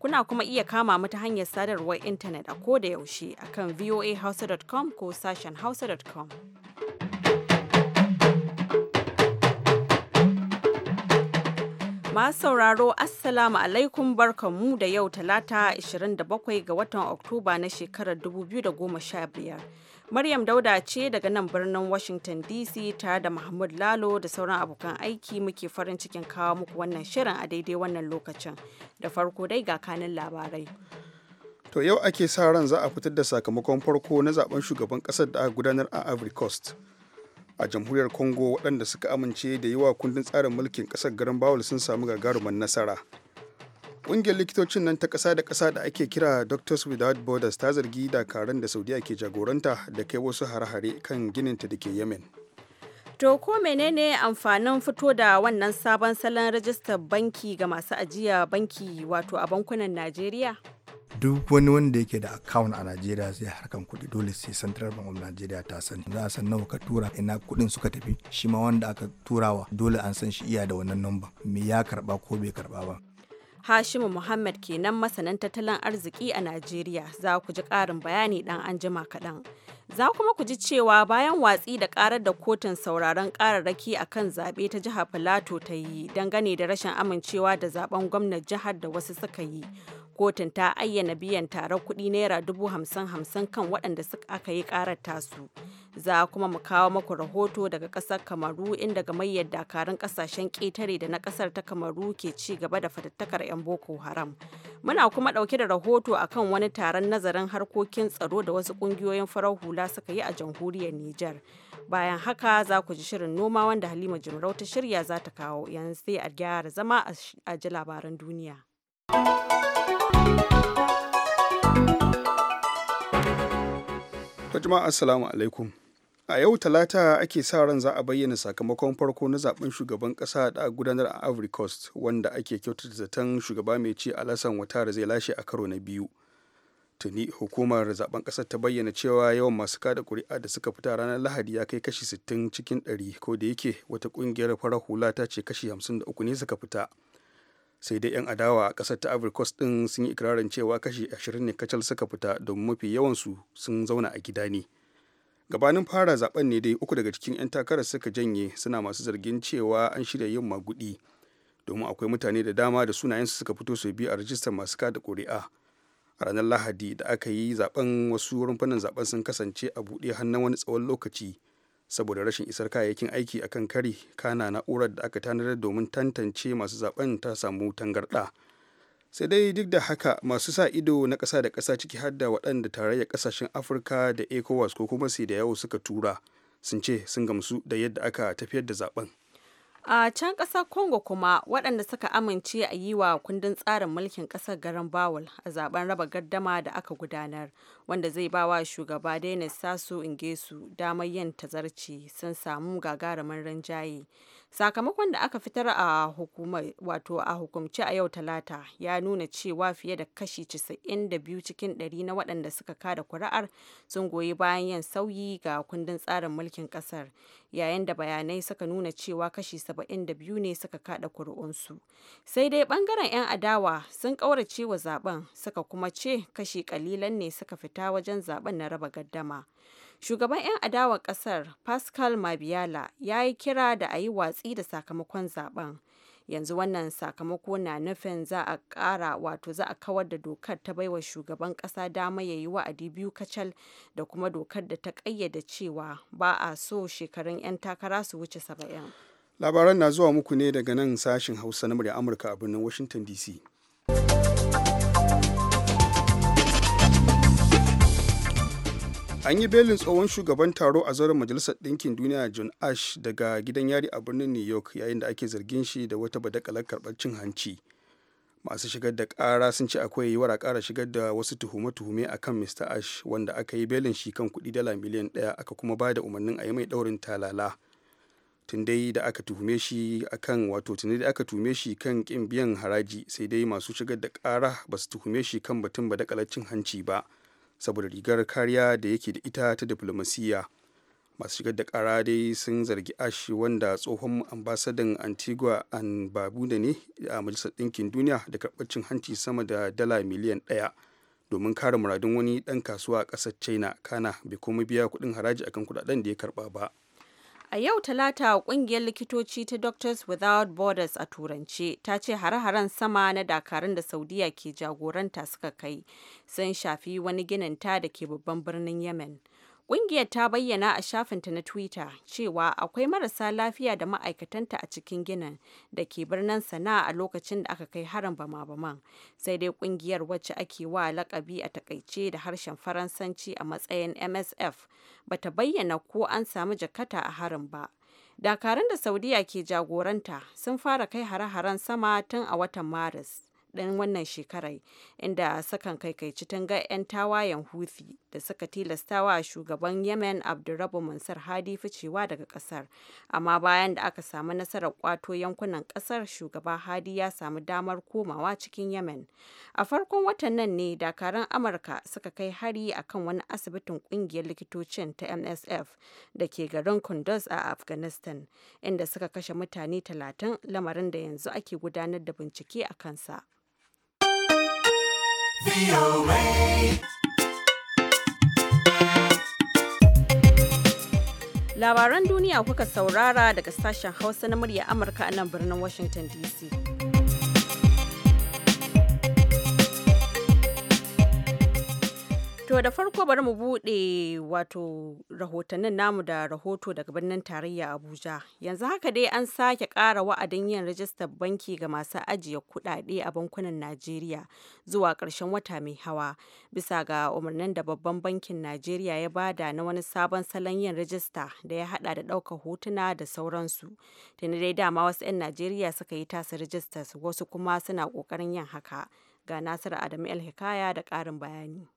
Kuna kuma iya kama mu ta hanyar sadarwar intanet a ko da yaushe akan voahausa.com ko sashen hausa.com. Masu sauraro Assalamu alaikum barkanmu da yau talata 27 ga watan Oktoba na shekarar 2015. Maryam Dauda ce daga nan birnin Washington DC tare da Mahmud Lalo da sauran abokan aiki muke farin cikin kawo muku wannan shirin a daidai wannan lokacin. Da farko dai ga kanin labarai. To yau ake sa ran za a fitar da sakamakon farko na zaben shugaban kasar da aka gudanar a Ivory Coast. A jamhuriyar Congo waɗanda suka amince da yi wa kundin tsarin mulkin ƙasar garin Bawul sun samu gagarumin nasara. Ƙungiyar likitocin nan ta ƙasa da ƙasa da ake kira Doctors Without Borders ta zargi dakaran da Saudiya ke jagoranta da kai wasu hare-hare kan gininta da ke Yemen. To ko menene amfanin fito da wannan sabon salon rajistar banki ga masu ajiya banki wato a bankunan Najeriya? duk wani wanda yake da account a Najeriya zai harkan kuɗi dole sai Central Bank of Nigeria ta san za a san nawa ka tura ina kuɗin suka tafi shi ma wanda aka turawa dole an san shi iya da wannan number me ya karba ko bai karba ba Hashimu Muhammad kenan masanin tattalin arziki a Najeriya za ku ji ƙarin bayani ɗan anjima kaɗan. Za kuma ku ji cewa bayan watsi da ƙarar da kotun sauraron ƙararraki a kan zaɓe ta jihar Filato ta yi dangane da rashin amincewa da zaben gwamnan jihar da wasu suka yi. kotun ta ayyana biyan taron kuɗi naira dubu hamsin hamsin kan waɗanda aka yi ƙarar su za kuma mu kawo maku rahoto daga ƙasar kamaru inda ga gamayyar dakarun ƙasashen ƙetare da na ƙasar ta kamaru ke ci gaba da fatattakar 'yan boko haram muna kuma ɗauke da rahoto akan wani taron nazarin harkokin tsaro da wasu ƙungiyoyin farar hula suka yi a jamhuriyar nijar bayan haka za ku ji shirin noma wanda halima jimrau ta shirya za ta kawo yanzu sai a gyara zama a ji labaran duniya. jama'a assalamu alaikum. A yau talata ake sa ran za a bayyana sakamakon farko na zaben shugaban kasa da gudanar a Ivory Coast wanda ake kyautata zaton shugaba mai ci a lasan wata da zai lashe a karo na biyu. Tuni hukumar zaben kasar ta bayyana cewa yawan masu kada kuri'a da suka fita ranar Lahadi ya kai kashi 60 cikin 100 ko da yake wata kungiyar farar hula ta ce kashi 53 ne suka fita. sai dai 'yan adawa a ƙasar ta ivory coast ɗin sun yi ikirarin cewa kashi 20 ne kacal suka fita domin mafi yawansu sun zauna a gida ne gabanin fara zaben ne dai uku daga cikin 'yan takarar suka janye suna masu zargin cewa an shirya yin magudi domin akwai mutane da dama da sunayen su suka fito su biyu a rajistar masu kada ƙuri'a a ranar lahadi da aka yi zaben wasu rumfunan zaben sun kasance a buɗe hannun wani tsawon lokaci saboda rashin isar kayayyakin aiki a kan kari kana na'urar da aka tanadar domin tantance masu zaben ta samu tangarɗa sai dai duk da haka masu sa ido na ƙasa da ƙasa ciki har da waɗanda tarayyar ƙasashen afirka da ecowas ko kuma sai da yawo suka tura sun ce sun gamsu da yadda aka tafiyar da zaben A can ƙasar Congo kuma waɗanda suka amince a yi wa kundin tsarin mulkin ƙasar garin Bawul a zaben raba gaddama da aka gudanar wanda zai ba wa shugaba Denis sasu su damar yin tazarci sun samu gagarumin rinjaye Sakamakon da aka fitar a hukumar wato a hukumce a yau Talata ya nuna cewa fiye da kashi 92 cikin ɗari na waɗanda suka kada kuri'ar sun goyi bayan yin sauyi ga kundin tsarin mulkin ƙasar, yayin da bayanai suka nuna cewa kashi 72 ne suka kada kuri'unsu. Sai dai bangaren 'yan adawa sun ƙaurace wa zaben suka kuma ce kashi kalilan ne suka fita wajen zaben na raba gaddama. Shugaban 'yan adawa kasar, Pascal Mabiala, ya yi kira da a yi watsi da sakamakon zaben. Yanzu wannan sakamako na nufin za a ƙara wato za a kawar da dokar ta baiwa shugaban ƙasa dama ya yi wa'adi biyu kacal da kuma dokar da ta ƙayyade cewa ba a so shekarun 'yan takara su wuce saba'in. Labaran na zuwa muku ne daga nan sashen Hausa na murya Amurka a birnin Washington DC. an yi belin tsohon shugaban taro a zauren majalisar ɗinkin duniya john ash daga gidan yari a birnin new york yayin da ake zargin shi da wata badakalar karɓar cin hanci masu shigar da ƙara sun ce akwai yiwuwar a ƙara shigar da wasu tuhume-tuhume a kan mr ash wanda aka yi belin shi kan kuɗi dala miliyan ɗaya aka kuma ba da umarnin a yi mai ɗaurin talala tun dai da aka tuhume shi akan wato tun da aka tuhume shi kan ƙin biyan haraji sai dai masu shigar da ƙara ba su tuhume shi kan batun badakalar cin hanci ba saboda rigar kariya da yake da ita ta diflomasiyya masu shigar da kara dai sun zargi ashi wanda tsohon ambasadan antigua an babuda ne a majalisar ɗinkin duniya da karɓar cin hanci sama da dala miliyan ɗaya domin kare muradun wani ɗan kasuwa a ƙasar china kana bai kuma biya kuɗin haraji akan kuɗaɗen da ya karɓa ba A yau Talata kungiyar likitoci ta Doctors Without Borders a Turance ta ce hare-haren sama na dakarun da Saudiya ke jagoranta suka kai sun shafi wani ginin ta da ke babban birnin Yemen. Ƙungiyar ta bayyana a shafinta na Twitter cewa akwai marasa lafiya da ma'aikatanta a cikin ginin da ke birnin Sana'a a lokacin da aka kai harin bama-baman. Sai dai ƙungiyar wacce ake wa lakabi a takaice da harshen Faransanci a matsayin MSF bata bayyana ko an samu jakata a harin ba. Dakarun da Saudiya ke jagoranta sun fara kai hare-haren sama tun a watan Maris. ɗin wannan shekarar inda sakan kaikaici tunga 'yan tawayen Houthi da suka tilastawa shugaban Yemen Abdurrabu Mansur Hadi ficewa daga ƙasar. Amma bayan da aka samu nasarar kwato yankunan ƙasar shugaba Hadi ya samu damar komawa cikin Yemen. A farkon watan nan ne dakarun Amurka suka kai hari akan wani asibitin ƙungiyar likitocin ta MSF da ke garin Kunduz a Afghanistan inda suka kashe mutane talatin lamarin da yanzu ake gudanar da bincike a kansa. Labaran duniya kuka saurara daga sashen Hausa na murya Amurka a nan birnin Washington DC. da farko bari mu bude wato rahotannin namu da rahoto daga birnin tarayya Abuja. Yanzu haka dai an sake kara wa'adin yin rajistar banki ga masu ajiye kudade a bankunan Najeriya zuwa ƙarshen wata mai hawa bisa ga umarnin da babban bankin Najeriya ya bada na wani sabon salon yin rajista da ya hada da ɗaukar hotuna da sauransu. Tuni dai dama wasu 'yan Najeriya suka yi tasa rajistar wasu kuma suna ƙoƙarin yin haka. Ga Nasiru Adamu El Hikaya da ƙarin bayani.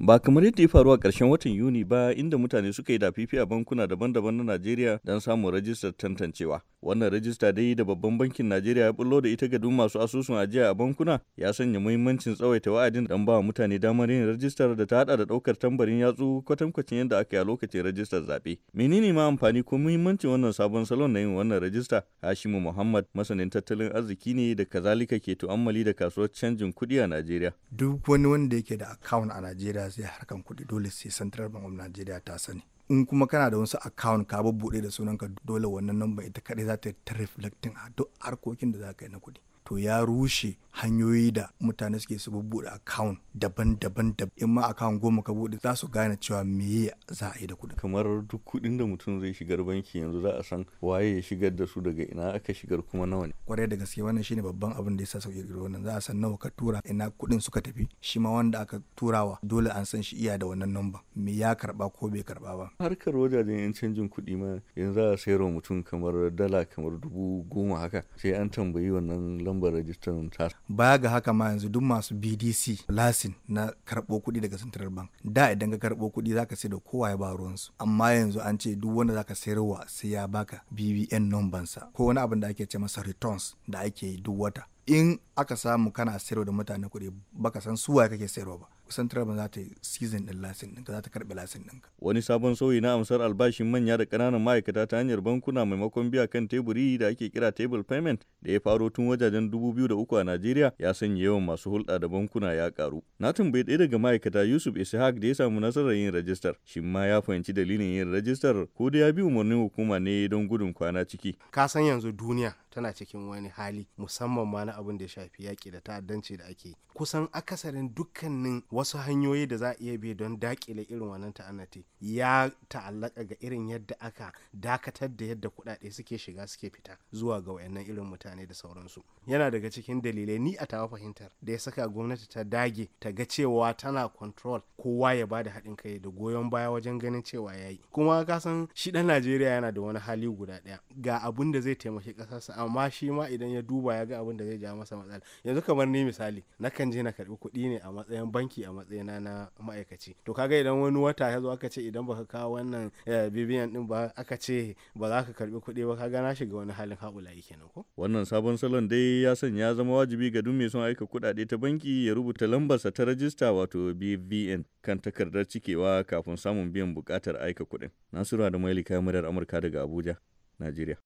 Ba kamar yadda ya faru a ƙarshen watan Yuni ba inda mutane suka yi dafifi a bankuna daban-daban na Najeriya don samun rajistar tantancewa. Wannan rajista dai da babban bankin Najeriya ya bullo da ita ga duk masu asusun ajiya a bankuna ya sanya muhimmancin tsawaita wa'adin don ba mutane damar yin rajistar da ta hada da ɗaukar tambarin yatsu kwatankwacin yadda aka yi a lokacin rajistar zaɓe. Menene ma amfani ko muhimmancin wannan sabon salon na yin wannan rajista? Hashimu Muhammad masanin tattalin arziki ne da kazalika ke tu'ammali da kasuwar canjin kuɗi a Najeriya. Duk wani wanda yake da akawun a Najeriya najeriya zai harkan kuɗi dole sai central bank of najeriya ta sani in kuma kana da wasu account ka bubbuɗe da sunanka dole wannan number ita kaɗai za ta ta reflecting a duk harkokin da za ka yi na kuɗi to ya rushe hanyoyi da mutane suke su bubbuɗe account daban-daban da in ma account goma ka bude za su gane cewa me za a yi da kuɗi. kamar duk kuɗin da mutum zai shigar banki yanzu za a san waye ya shigar da su daga ina aka shigar kuma nawa ne kwarai da gaske wannan shine babban abin da yasa sauke da wannan za a san nawa ka tura ina kuɗin suka tafi shi ma wanda aka turawa dole an san shi iya da wannan number me ya karba ko bai karba ba harkar wajajen yan canjin kuɗi ma yanzu za a sayarwa mutum kamar dala kamar dubu goma haka sai an tambayi wannan lambar rajistar ta baya ga haka ma yanzu duk masu bdc lasin na karɓo kuɗi daga central bank da idan ka karɓo kuɗi ka sai da kowa ya ba ruwansu amma yanzu an ce duk wanda za sayar sayarwa sai ya baka bbn sa ko wani abin da ake ce masa returns da ake yi duk wata in aka samu kana sayarwa da mutane kuɗi baka san suwaye kake sayarwa ba kusan bank za ta yi season din lasin ɗinka za ta karɓi lasin ɗinka. wani sabon sauyi na amsar albashin manya da ƙananan ma'aikata ta hanyar bankuna maimakon biya kan teburi da ake kira table payment da ya faro tun wajajen dubu biyu da uku a najeriya ya sanya yawan masu hulɗa da bankuna ya karu. na tambayi ɗaya daga ma'aikata yusuf ishaq da ya samu nasarar yin rajistar shi ma ya fahimci dalilin yin rajistar ko da ya bi umarnin hukuma ne don gudun kwana ciki ka san yanzu duniya tana cikin wani hali musamman ma na abin da ya shafi yaƙi da ta'addanci da ake kusan akasarin dukkanin wasu hanyoyi da za a iya bi don daƙile irin wannan ta'annati ya ta'allaka ga irin yadda aka dakatar da yadda kuɗaɗe suke shiga suke fita zuwa ga wayannan irin mutane da sauransu yana daga cikin dalilai ni a tawa fahimtar da ya saka gwamnati ta dage ta ga cewa tana control kowa ya bada haɗin kai da goyon baya wajen ganin cewa yayi kuma ka san shi ɗan Najeriya yana da wani hali guda ɗaya ga abun da zai taimaki ƙasarsa amma shi ma idan ya duba ya ga abin da zai ja masa matsala yanzu kamar ni misali na kan je na karbi kuɗi ne a matsayin banki a matsayina na ma'aikaci to kaga idan wani wata ya zo aka ce idan baka kawo wannan eh, bibiyan din ba aka ce ba za ka karbi kuɗi ba kaga na shiga wani halin haƙulayi kenan ko wannan sabon salon dai ya sanya ya zama wajibi ga duk mai son aika kuɗaɗe ta banki ya rubuta lambarsa ta rajista wato bbn kan takardar cikewa kafin samun biyan buƙatar aika kuɗin Nasiru da Maili kayan Amurka daga Abuja Najeriya.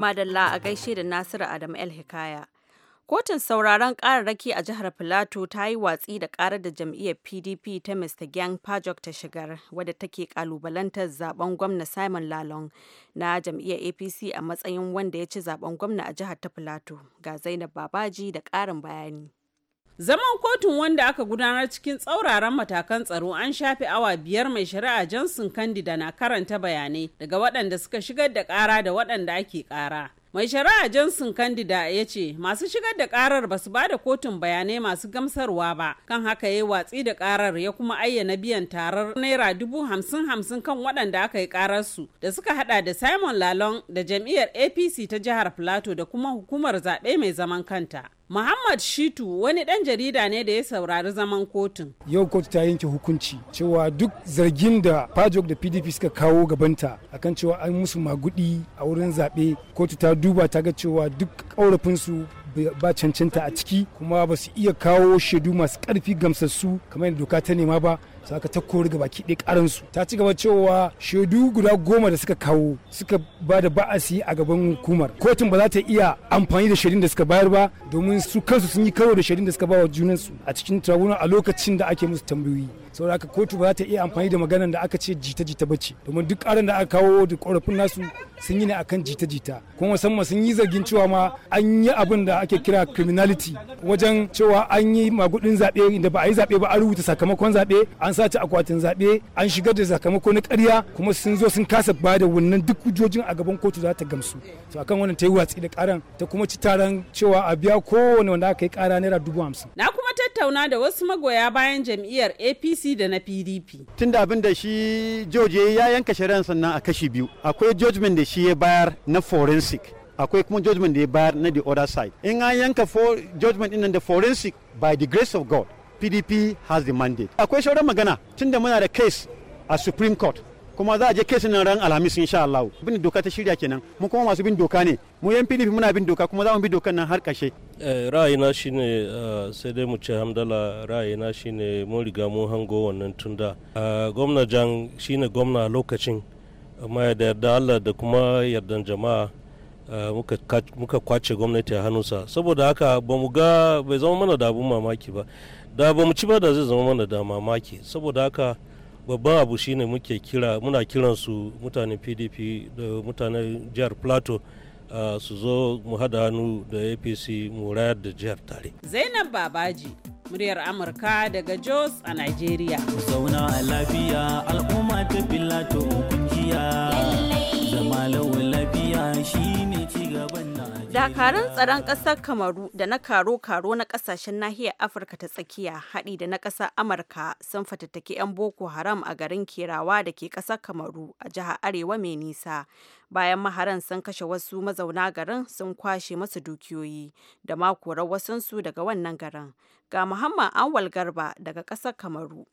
Madalla a gaishe da Nasiru Adam El Hikaya. Kotun sauraron kararraki a jihar Filato ta yi watsi da karar da jam'iyyar PDP ta Mr. Gyang Pajok ta shigar wadda take kalubalantar zaben gwamna Simon Lalong na jam'iyyar APC a matsayin wanda ya ci zaben gwamna a jihar ta Filato. Ga Zainab Babaji da karin bayani. Zaman kotun wanda aka gudanar cikin tsauraran matakan tsaro an shafe awa biyar mai shari'a Johnson kandida na karanta bayanai daga waɗanda suka shigar da ƙara da waɗanda ake ƙara. mai shari'a johnson kandida ya ce masu shigar da karar ba su bada kotun bayanai masu gamsarwa ba kan haka ya yi watsi da ƙarar ya kuma ayyana biyan tarar naira dubu hamsin hamsin kan waɗanda aka yi su da suka hada da simon lalong da jam'iyyar apc ta jihar plateau da kuma hukumar zaɓe mai zaman kanta Muhammad Shitu wani ɗan jarida ne da ya saurari zaman kotun. Yau kotu ta yanke hukunci cewa duk zargin da Pajok da PDP suka kawo gabanta akan cewa an musu magudi a wurin zaɓe kotu ta duba ta ga cewa duk ƙaurafinsu ba cancanta a ciki kuma ba su iya kawo shaidu masu ƙarfi gamsassu kamar yadda doka ta nema ba saka ta kori ga baki ɗaya karansu ta ci gaba cewa shaidu guda goma da suka kawo suka ba da ba'asi a gaban hukumar kotun ba za ta iya amfani da shaidun da suka bayar ba domin su kansu sun yi karo da shaidun da suka ba wa junansu a cikin tribunal a lokacin da ake musu tambayoyi saboda haka kotu ba za ta iya amfani da maganar da aka ce jita-jita ce domin duk ƙarin da aka kawo da korafin nasu sun yi ne akan jita-jita kuma musamman sun yi zargin cewa ma an yi abin da ake kira criminality wajen cewa an yi magudin zaɓe inda ba a yi zaɓe ba an rubuta sakamakon zaɓe an sace akwatin zaɓe an shigar da sakamako na ƙarya kuma sun zo sun kasa ba da wannan duk hujjojin a gaban kotu za ta gamsu to akan wannan ta yi watsi da ƙaran ta kuma ci taron cewa a biya kowane wanda aka yi kara naira dubu hamsin. tattauna da wasu magoya bayan jam'iyyar APC da na PDP. Tun da abin da shi George ya yanka shari'ar sannan a kashi biyu. Akwai judgment da shi ya bayar na forensic. Akwai kuma judgment da ya bayar na the other side. In an yanka judgment din da forensic by the grace of God, PDP has the mandate. Akwai shauran magana tun da muna da case a Supreme Court. kuma za a je kesin nan ran alhamis insha Allah bin doka ta shirya kenan mu kuma masu bin doka ne mu yan PDP muna bin doka kuma za mu bi dokan nan har kashe. Eh, ra'ayina shine eh, sai dai mu ce hamdala ra'ayina shine mun riga mun hango wannan tunda eh, gwamna jan shine gwamna lokacin amma da yarda Allah da kuma yardan jama'a muka kwace gwamnati a hannunsa saboda haka ba mu ga bai zama mana da abun mamaki ba da ba mu ci ba da zai zama mana da mamaki saboda haka babban abu shine muke kira muna kiran su mutane pdp da mutane jihar plateau su zo mu hada hannu da apc mu rayar da jihar tare zainab babaji muryar amurka daga jos a nigeria zauna a lafiya al'umma ta filato kungiya zama lawan lafiya shine cigaban Dakarun tsaron ƙasar Kamaru da na karo-karo na ƙasashen nahiyar Afirka ta tsakiya haɗi da na ƙasar Amurka sun fatattaki 'yan Boko Haram a garin Kerawa da ke ƙasar Kamaru a jihar Arewa mai nisa. Bayan maharan sun kashe wasu mazauna garin sun kwashe masu dukiyoyi da makorar wasansu daga wannan garin. Ga Muhammad Anwal Garba daga ƙasar Kamaru.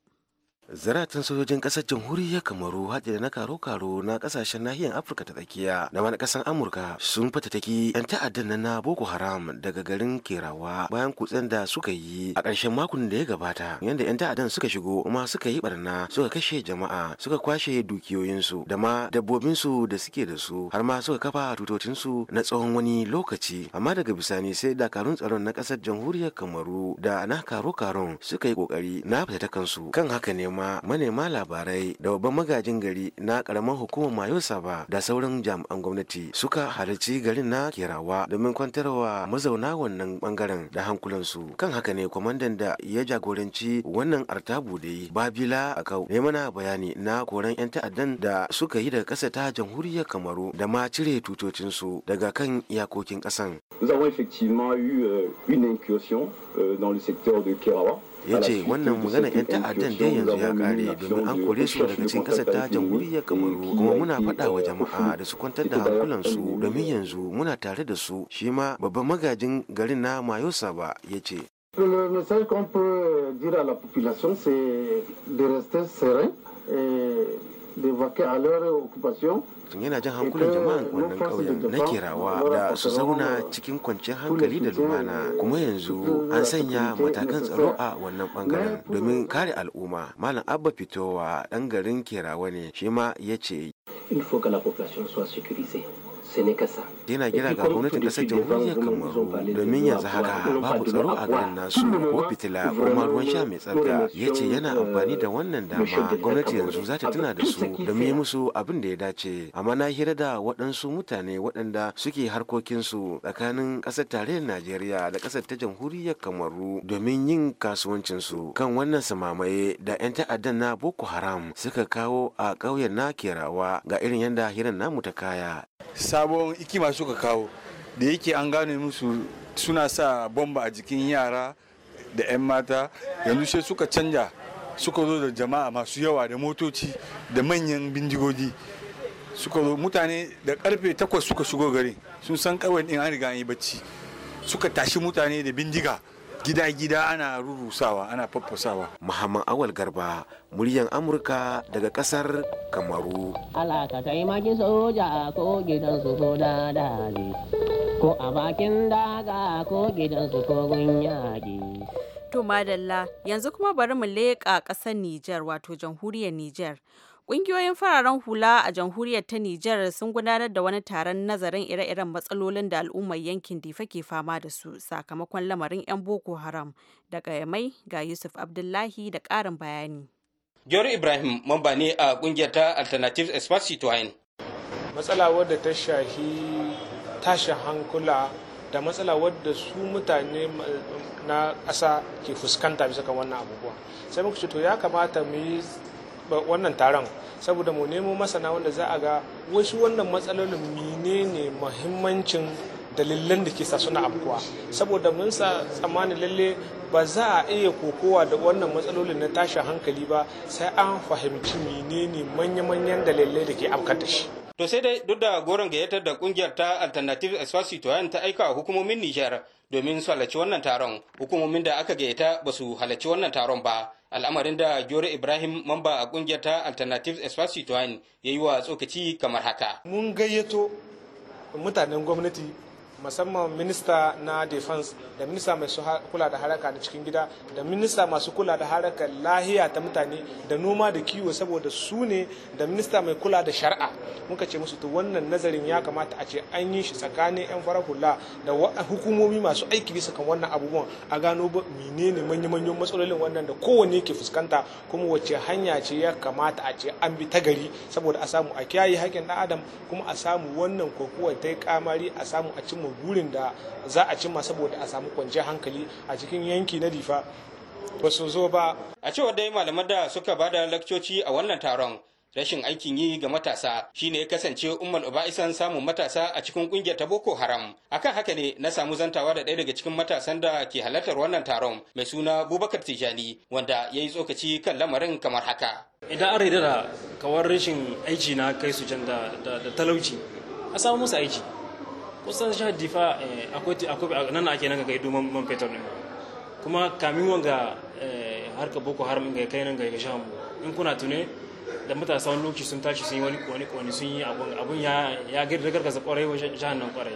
zaratan sojojin kasar jamhuriyar kamaru haɗe da na karo-karo na kasashen nahiyar afirka ta tsakiya da wani kasar amurka sun fatataki yan ta'addan na boko haram daga garin kerawa bayan kutsen da suka yi a ƙarshen makon da ya gabata yadda yan ta'addan suka shigo kuma suka yi barna suka kashe jama'a suka kwashe dukiyoyinsu da ma dabbobinsu da suke da su har ma suka kafa tutotinsu na tsawon wani lokaci amma daga bisani sai dakarun tsaron na kasar jamhuriyar kamaru da na karo-karon suka yi kokari na kansu, kan haka ne ma manema labarai da babban magajin gari na karamar hukumar mayosa ba da sauran jami'an gwamnati suka halarci garin na kerawa domin kwantarwa mazauna wannan bangaren da hankulansu kan haka ne kwamandan da ya jagoranci wannan artabu da yi babila akau ne mana bayani na koran 'yan ta'addan da suka yi daga kasa ta jamhuriyar kamaru da ma cire tutocinsu daga kan iyakokin ƙasan. Nous avons effectivement eu euh, une incursion euh, dans le secteur de ya ce wannan magana 'yan ta'addan dai yanzu ya kare domin an kore su daga cikin kasar ta jamhuriyar kamaru kuma muna faɗa wa jama'a da su kwantar da hankulan hankulansu domin yanzu muna tare da su shi ma babban magajin garin na mayosa ba ya ce Le message qu'on peut dire à la population, c'est de rester serein yana jan hankulan jama'an wannan ƙauyen na kirawa da su zauna cikin kwanciyar hankali da lumana kuma yanzu an sanya matakan tsaro a wannan bangaren domin kare al'umma malam abba fitowa ɗan garin kirawa ne shi ma ya ce il faut que la population soit sécurisée yana gira ga gwamnatin kasar jamhuriyar kamaru domin yanzu haka babu tsaro a garin nasu ko fitila ko ma ruwan sha mai tsafta ya ce yana amfani da wannan dama gwamnati yanzu za ta tuna da su domin musu abin da ya dace amma na hira da waɗansu mutane waɗanda suke harkokinsu tsakanin ƙasar tarayyar najeriya da ƙasar ta jamhuriyar kamaru domin yin kasuwancinsu kan wannan samamaye da 'yan ta'addan na boko haram suka kawo a ƙauyen na kerawa ga irin yadda hirar namu ta kaya sabon hikima suka kawo da yake an gane musu suna sa bomba a jikin yara da 'yan mata yanzu sai suka canja suka zo da jama'a masu yawa da motoci da manyan bindigogi suka zo mutane da karfe takwas suka shigo gari sun san kawai din an riga an yi bacci suka tashi mutane da bindiga gida-gida ana rurusawa ana faffasawa. Muhammad Awal Garba muryan Amurka daga kasar Kamaru. Allah ka taimaki soja ko gidan su ko dadali ko a bakin daga ko gidan su ko gunyaki. To madalla yanzu kuma bari mu leƙa ƙasar Nijar wato jamhuriyar Nijar. Ƙungiyoyin fararen hula a jamhuriyar ta Nijar sun gudanar da wani taron nazarin ire-iren matsalolin da al'ummar yankin Difa ke fama da su sakamakon lamarin 'yan Boko Haram. Daga mai ga Yusuf Abdullahi da ƙarin bayani. Gyaru Ibrahim mamba ne a ƙungiyar ta Alternative Espacito Matsala wadda ta shahi tashin hankula da matsala wadda su mutane na ƙasa ke fuskanta bisa kan wannan abubuwa. Sai muka ce to ya kamata mu yi wannan taron saboda mu nemo masana wanda za a ga wasu wannan matsalolin menene mahimmancin dalilan da ke sa suna afkuwa saboda mun sa tsammanin lalle ba za a iya kokowa da wannan matsalolin na tashin hankali ba sai an fahimci menene manya-manyan dalilai da ke afkar da shi to sai dai duk da goron gayyatar da kungiyar ta alternative to ta aika a hukumomin nijar domin su halarci wannan taron hukumomin da aka gayyata ba su halarci wannan taron ba al'amarin da jore ibrahim mamba a kungiyar ta alternatives espacito ya yi wa tsokaci kamar haka mun gayyato mutanen gwamnati musamman minista na defense da minista mai kula da haraka na cikin gida da minista masu kula da harakar lahiya ta mutane da noma da kiwo saboda su ne da minista mai kula da shari'a muka ce musu to wannan nazarin ya kamata a ce an yi shi tsakanin yan farar hula da hukumomi masu aiki bisa kan wannan abubuwan a gano ba menene manya-manyan matsalolin wannan da kowanne ke fuskanta kuma wacce hanya ce ya kamata a ce an bi ta gari saboda a samu a kiyaye haƙƙin ɗan adam kuma a samu wannan kokuwa ta yi kamari a samu a cimma cimma burin da za a cimma saboda a samu kwanciyar hankali a cikin yanki na difa ba su zo ba a cewa dai malaman da suka ba da lakcoci a wannan taron rashin aikin yi ga matasa shine ya kasance ba uba'isan samun matasa a cikin kungiyar ta boko haram akan haka ne na samu zantawa da ɗaya daga cikin matasan da ke halartar wannan taron mai suna bubakar tijani wanda ya yi tsokaci kan lamarin kamar haka idan an da kawar rashin aiki na kai su can da talauci a samu musu aiki kusan sha difa eh, akwai nan ake nan ga ido man fetur ne kuma kamin wanga eh, harka boko haram ga kai nan ga sha mu in kuna tune da matasa wani lokaci sun tashi sun yi wani kwani kwani sun yi abun ya gargaza kwarai wa sha nan kwarai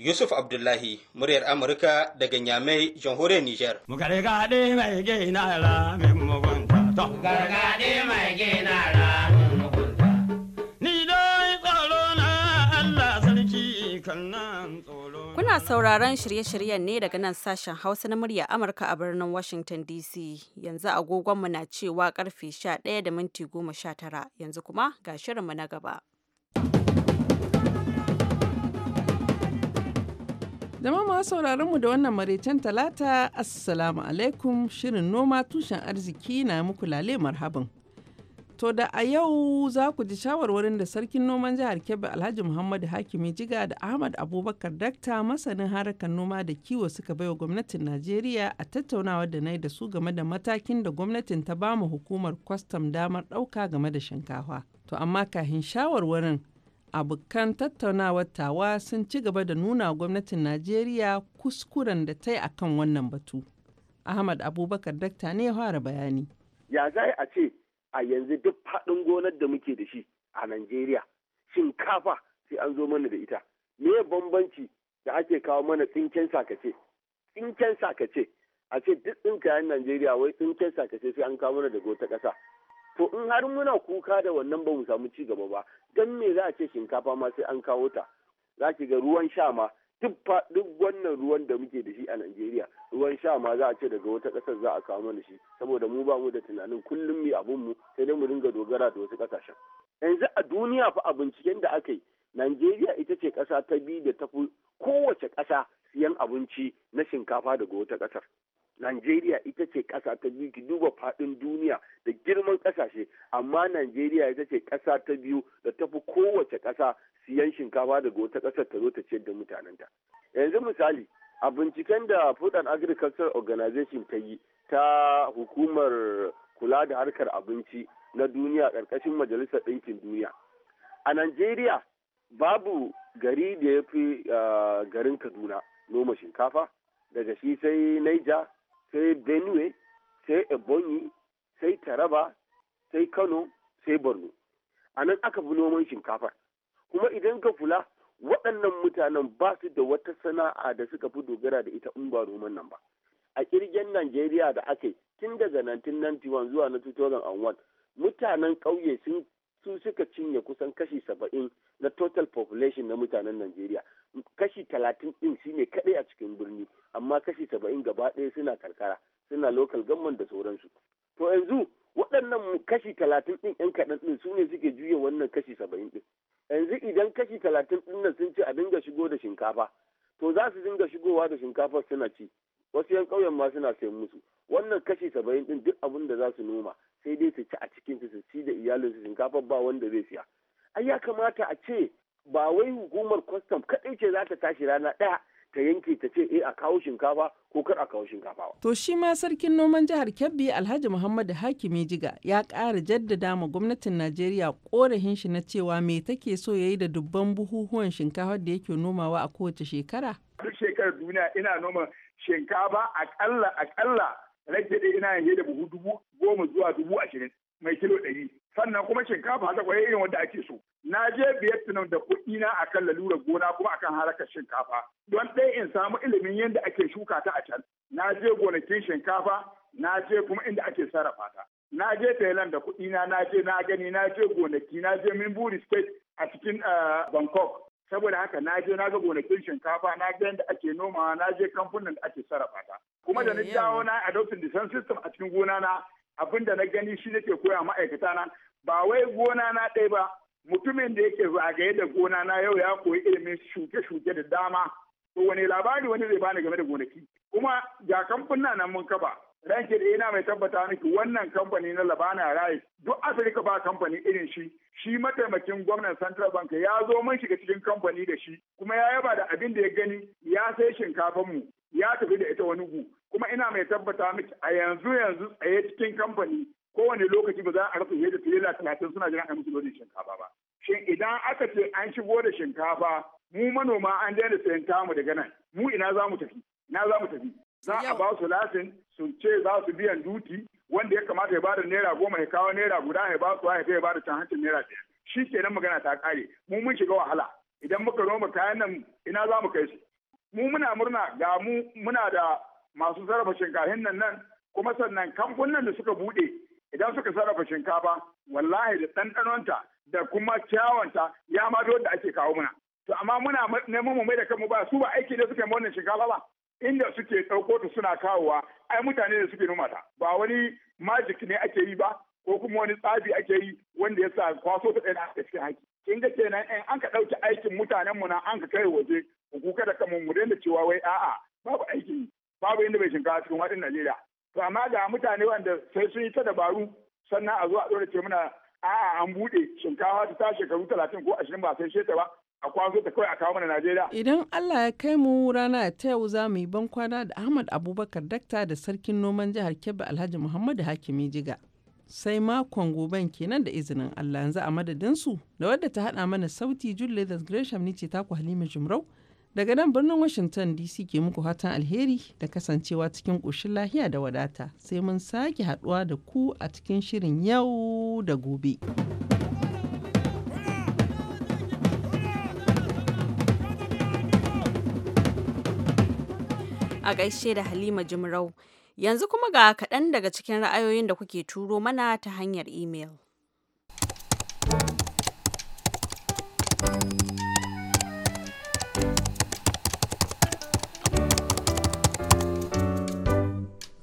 Yusuf Abdullahi, muryar Amurka daga Nyamai, jamhuriyar Niger Mu gargaɗe mai gina ra, mai mugunta to. Gargaɗe mai gina Kuna sauraron shirye-shiryen ne daga nan sashen Hausa na murya Amurka a birnin Washington DC. Yanzu agogonmu na cewa karfe 11 da minti 19. Yanzu kuma ga shirinmu na gaba. Jama'a masu sauraron mu da wannan maraicen talata, Assalamu alaikum, shirin noma tushen arziki na muku lale marhaban. To da a yau za ku ji shawarwarin da sarkin noman jihar Kebbi Alhaji Muhammadu Hakimi Jiga da Ahmad Abubakar Dakta masanin harkar noma da kiwo suka baiwa gwamnatin Najeriya a tattaunawa da na da su game da matakin da gwamnatin ta bama hukumar kwastam damar ɗauka game da shinkafa. To amma kahin shawarwarin abokan tattaunawar tawa sun ci gaba da nuna gwamnatin Najeriya kuskuren da ta yi akan wannan batu. Ahmad Abubakar Dakta ne ya fara bayani. Ya za a ce a yanzu duk faɗin gonar da muke da shi a Najeriya shinkafa sai an zo mana da ita me bambanci da ake kawo mana tsinken sakace tsinken sakace a ce duk kayan Najeriya wai tsinken sakace sai an kawo mana daga wata ƙasa to in har muna kuka da wannan ba mu samu ci gaba ba dan me za a ce shinkafa ma sai an kawo ta za ki ga ruwan sha ma duk duk wannan ruwan da muke da shi a Najeriya ruwan sha ma za a ce daga wata ƙasar za a kawo mana shi saboda mu ba mu da tunanin kullum mai abun mu sai dai mu dinga dogara da wasu ƙasashen yanzu a duniya fa a binciken da aka yi Najeriya ita ce ƙasa ta biyu da ta fi kowace ƙasa siyan abinci na shinkafa daga wata ƙasar Najeriya ita ce ƙasa ta biyu ki duba faɗin duniya da girman ƙasashe amma Najeriya ita ce ƙasa ta biyu da tafi kowace ƙasa siyan shinkafa daga wata ƙasar ta zo ta ciyar da mutanenta yanzu misali a binciken da food and agriculture organization ta yi ta hukumar kula da harkar abinci na duniya ƙarƙashin majalisar ɗinkin duniya a najeriya babu gari da ya fi ah, garin kaduna noma shinkafa daga shi sai naija sai benue sai ebonyi sai taraba sai kano sai borno a nan aka fi noman shinkafa kuma idan ka kula waɗannan mutanen ba su da wata sana'a da suka fi dogara da ita in ba nan ba a kirgen najeriya da aka yi tun daga 1991 zuwa na 2001 mutanen ƙauye sun su suka cinye kusan kashi saba'in na total population na mutanen Najeriya. Kashi talatin ɗin shine kaɗai a cikin birni, amma kashi saba'in gaba ɗaya suna karkara, suna local government da sauransu. To yanzu waɗannan kashi talatin ɗin ‘yan kaɗan ɗin su ne suke juya wannan kashi saba'in ɗin. yanzu idan kashi talatin ɗin sun ce a dinga shigo da shinkafa to za su dinga shigowa da shinkafa suna ci wasu yan ƙauyen ma suna sayan musu wannan kashi saba'in din duk abin da za su noma sai dai su ci a cikin su ci da iyalinsu shinkafar ba wanda zai siya ai ya kamata a ce ba wai hukumar kwastam kaɗai ce za ta tashi rana ɗaya ta yanke ta ce eh a kawo shinkafa ko kar a kawo shinkafa. To shi ma sarkin noman jihar Kebbi Alhaji Muhammadu Hakimi Jiga ya ƙara jaddada ma gwamnatin Najeriya ƙorafin shi na cewa me take so yayi da dubban buhuhuwan shinkafa da yake nomawa a kowace shekara. Duk shekarar duniya ina noma shinkafa akalla akalla rage ina yanke da buhu dubu goma zuwa dubu ashirin. mai kilo ɗari sannan kuma shinkafa ta kwaye irin wanda ake so na je vietnam da kuɗi na akan lalurar gona kuma akan harakar shinkafa don ɗaya in samu ilimin yadda ake shuka ta a can na je gonakin shinkafa na je kuma inda ake sarrafa ta na je thailand da kuɗi na na je na gani na je gonaki na je minburi state a cikin ah, bangkok saboda haka na je na ga gonakin shinkafa na ga yadda ake nomawa na je kamfunan da ake sarrafa ta kuma da na dawo na adopting the system a cikin gona na abin da na gani shi nake koya ma'aikata na ba wai gona na ɗaya ba mutumin da yake zagaye da gona na yau ya koyi ilimin shuke-shuke da dama to wani labari wani zai bani game da gonaki kuma ga kamfuna nan mun kaba ranke da ina mai tabbata miki wannan kamfani na labana rai duk afirka ba kamfani irin shi shi mataimakin gwamnan central bank ya zo mun shiga cikin kamfani da shi kuma ya yaba da abin da ya gani ya sai shinkafa mu ya tafi da ita wani gu kuma ina mai tabbata miki a yanzu yanzu tsaye cikin kamfani kowane lokaci ba za a rasa fiye da talatin suna jiran a musu lodin shinkafa ba shin idan aka ce an shigo da shinkafa mu manoma an daina sayan tamu daga nan mu ina za mu tafi ina za mu tafi za a ba su lasin su ce za su biyan duti wanda ya kamata ya bada naira goma ya kawo naira guda ya ba su ya kai ya bada can hancin naira biyar shi kenan magana ta kare mu mun shiga wahala idan muka noma kayan nan ina za mu kai su mu muna murna ga mu muna da masu sarrafa shinkafa nan kuma sannan kamfunan da suka bude idan suka sarrafa shinkafa wallahi da ɗanɗanonta da kuma kyawanta ya ma da ake kawo muna. To amma muna neman mu mai da kanmu ba su ba aiki da suke wannan shinkafa ba. Inda suke ɗauko ta suna kawowa ai mutane da suke numata. ba wani majik ne ake yi ba ko kuma wani tsabi ake yi wanda ya sa kwaso ta ɗaya da cikin haƙi. Kin ga kenan in an ka ɗauki aikin mutanen mu na an ka kai waje ku kuka da kanmu mu daina cewa wai a'a babu aiki babu inda bai shinkafa cikin waɗin Najeriya. To amma ga mutane wanda sai sun yi ta dabaru sannan a zo a ɗora ce mana a'a an buɗe shinkafa ta shekaru talatin ko ashirin ba sai sheta ba a kwaso ta kawai a kawo mana Najeriya. Idan Allah ya kai mu rana ta yau za mu yi ban kwana da Ahmad Abubakar Dakta da Sarkin Noman Jihar Kebbi Alhaji Muhammadu Hakimi Jiga. sai makon goben kenan da izinin Allah yanzu a madadinsu da wadda ta haɗa mana sauti Julie Gresham ni ce taku Halima Jumrau Daga nan birnin Washington DC ke muku hatan alheri da kasancewa cikin ƙoshin lahiya da wadata. Sai mun sake haɗuwa da ku a cikin shirin yau da gobe. A gaishe da Halima Jimrau. Yanzu kuma ga kaɗan daga cikin ra'ayoyin da kuke turo mana ta hanyar imel.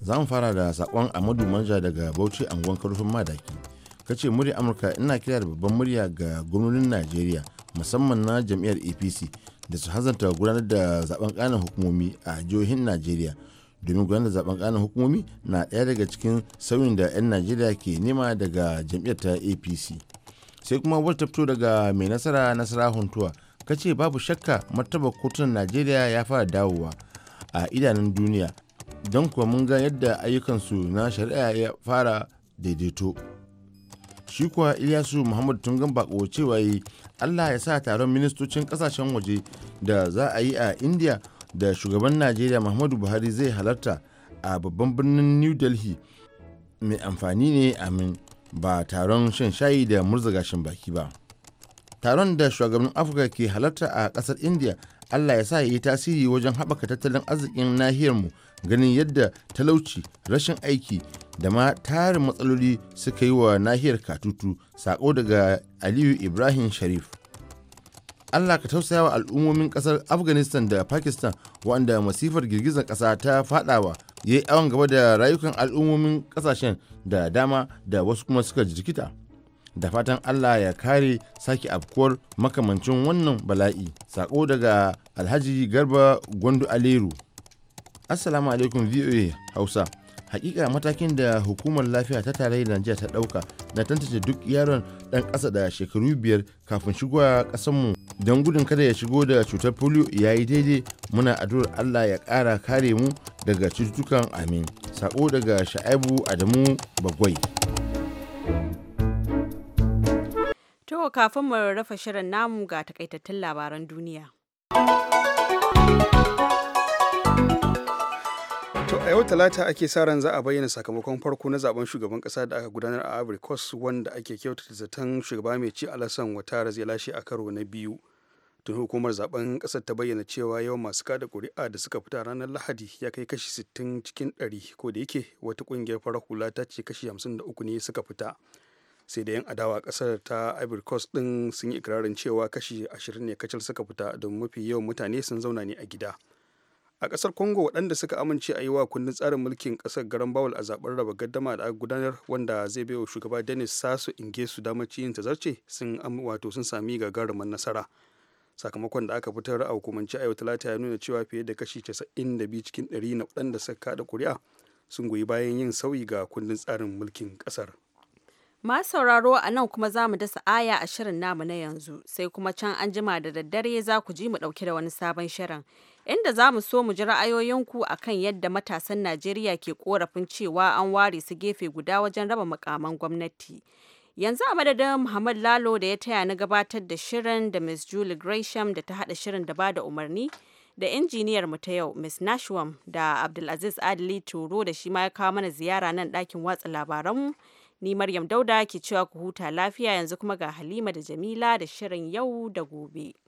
za mu fara da sakon amadu manja daga bauchi unguwar karfin madaki ka ce murya amurka ina kira da babban murya ga gwamnonin najeriya musamman na jam'iyyar apc da su hazanta gudanar da zaben kanin hukumomi a jihohin najeriya domin gudanar da zaben kanin hukumomi na ɗaya daga cikin sauyin da 'yan najeriya ke nema daga jam'iyyar ta apc sai kuma wata fito daga mai nasara nasara huntuwa ka ce babu shakka martaba kotunan najeriya ya fara dawowa a idanun duniya don kuwa mun ga yadda ayyukansu na shari'a ya fara daidaito shi kuwa ilyasu muhammadu tungan bako cewa yi allah ya sa taron ministocin kasashen waje da za a yi a india da shugaban najeriya muhammadu buhari zai halarta a babban birnin new delhi mai amfani ne amin ba taron shan shayi da murzagashin baki ba taron da shugaban afirka ke halarta a kasar india allah ya sa ya yi tasiri wajen haɓaka tattalin arzikin nahiyarmu mu ganin yadda talauci rashin aiki da ma tarin matsaloli suka yi wa nahiyar katutu sako daga aliyu ibrahim sharif allah ka tausaya wa al'ummomin kasar afghanistan da pakistan wanda masifar girgizar kasa ta fadawa ya yi awon gaba da rayukan al'ummomin kasashen da dama da wasu kuma suka jirkita da fatan allah ya kare sake afkuwar makamancin wannan bala'i sako daga alhaji garba gwandu aleru Assalamu alaikum VOA Hausa. Hakika matakin da hukumar lafiya ta tarayyar Najeriya ta dauka na tantance duk yaron dan ƙasa da shekaru biyar kafin shigowa ƙasarmu don gudun kada ya shigo da cutar polio ya yi daidai muna addu'ar Allah ya ƙara kare mu daga cututtukan amin. Sako daga sha'ibu Adamu Bagwai. To kafin mu rafa shirin namu ga takaitattun labaran duniya. To a yau talata ake sa ran za a bayyana sakamakon farko na zaben shugaban kasa da aka gudanar a Ivory Coast wanda ake kyautata zaton shugaba mai ci Alassane Ouattara zai lashe a karo na biyu. Tun hukumar zaben kasar ta bayyana cewa yawan masu kada kuri'a da suka fita ranar Lahadi ya kai kashi 60 cikin 100 ko da yake wata ƙungiyar farar hula ta ce kashi 53 ne suka fita. Sai da yan adawa kasar ta Ivory Coast din sun yi ikirarin cewa kashi 20 ne kacal suka fita don mafi yawan mutane sun zauna ne a gida. a ƙasar congo waɗanda suka amince a yi wa kundin tsarin mulkin kasar garan bawul a zaɓen raba gaddama da aka gudanar wanda zai baiwa shugaba denis sasu ingesu ciyin yin tazarce sun wato sun sami gagarumin nasara sakamakon da aka fitar a hukumance a yau talata ya nuna cewa fiye da kashi da biyu cikin 100 na waɗanda suka kaɗa kuri'a sun goyi bayan yin sauyi ga kundin tsarin mulkin ƙasar. Ma sauraro a nan kuma za mu dasa aya a shirin namu na yanzu sai kuma can an jima da daddare za ku ji mu ɗauki da wani sabon shirin. inda za mu so mu ji ra'ayoyinku a kan yadda matasan Najeriya ke korafin cewa an ware su gefe guda wajen raba makaman gwamnati. Yanzu a madadin Muhammad Lalo da ya taya na gabatar da shirin da Miss Julie Gresham da ta haɗa shirin da ba da umarni da injiniyar mu ta yau Miss Nashwam da Abdulaziz adli Turo da shi ma ya kawo mana ziyara nan ɗakin watsa labaranmu. Ni Maryam Dauda ke cewa ku huta lafiya yanzu kuma ga Halima da Jamila da shirin yau da gobe.